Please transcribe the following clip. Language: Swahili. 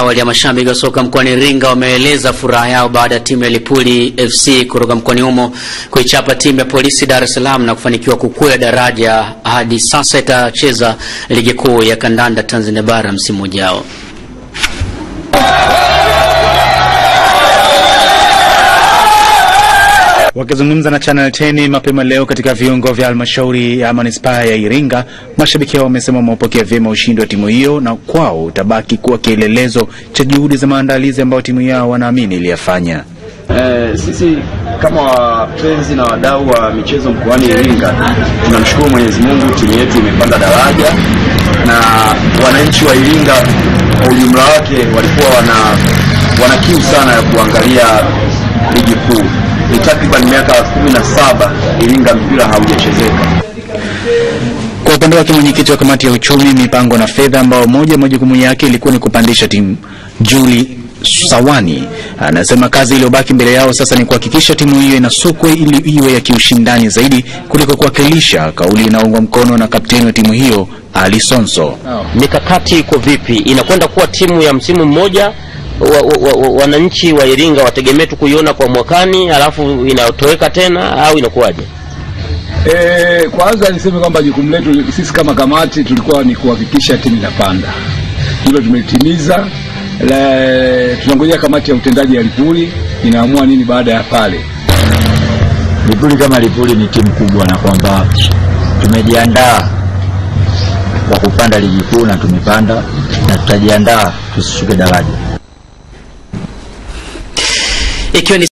Awali ya mashabiki wa soka mkoani Iringa wameeleza furaha yao baada ya timu ya Lipuli FC kutoka mkoani humo kuichapa timu ya Polisi Dar es Salaam na kufanikiwa kukwea daraja hadi sasa itacheza ligi kuu ya kandanda Tanzania bara msimu ujao. Wakizungumza na Channel 10 mapema leo katika viungo vya halmashauri ya manispaa ya Iringa, mashabiki hao wamesema wamepokea vyema ushindi wa timu hiyo na kwao utabaki kuwa kielelezo cha juhudi za maandalizi ambayo timu yao wanaamini iliyafanya. Eh, sisi kama wapenzi na wadau wa michezo mkoani Iringa tunamshukuru Mwenyezi Mungu, timu yetu imepanda daraja na wananchi wa Iringa kwa ujumla wake walikuwa wana, wana kiu sana ya kuangalia ligi kuu ni takriban miaka 17 Iringa mpira haujachezeka. Kwa upande wake mwenyekiti wa kamati ya uchumi, mipango na fedha, ambao moja majukumu yake ilikuwa ni kupandisha timu, Juli Sawani anasema kazi iliyobaki mbele yao sasa ni kuhakikisha timu hiyo inasukwe ili iwe ya kiushindani zaidi kuliko kuwakilisha, kauli inaungwa mkono na kapteni wa timu hiyo Ali Sonso. Mikakati iko vipi? Inakwenda kuwa timu ya msimu mmoja wananchi wa, wa, wa, wa Iringa wategemee tu kuiona kwa mwakani alafu inatoweka tena au inakuwaje? E, kwanza niseme kwamba jukumu letu sisi kama kamati tulikuwa ni kuhakikisha timu inapanda. Hilo tumetimiza. Tunangojea kamati ya utendaji ya Lipuli inaamua nini baada ya pale. Lipuli kama Lipuli ni timu kubwa, na kwamba tumejiandaa kwa kupanda ligi kuu na tumepanda, na tutajiandaa tusishuke daraja. et que les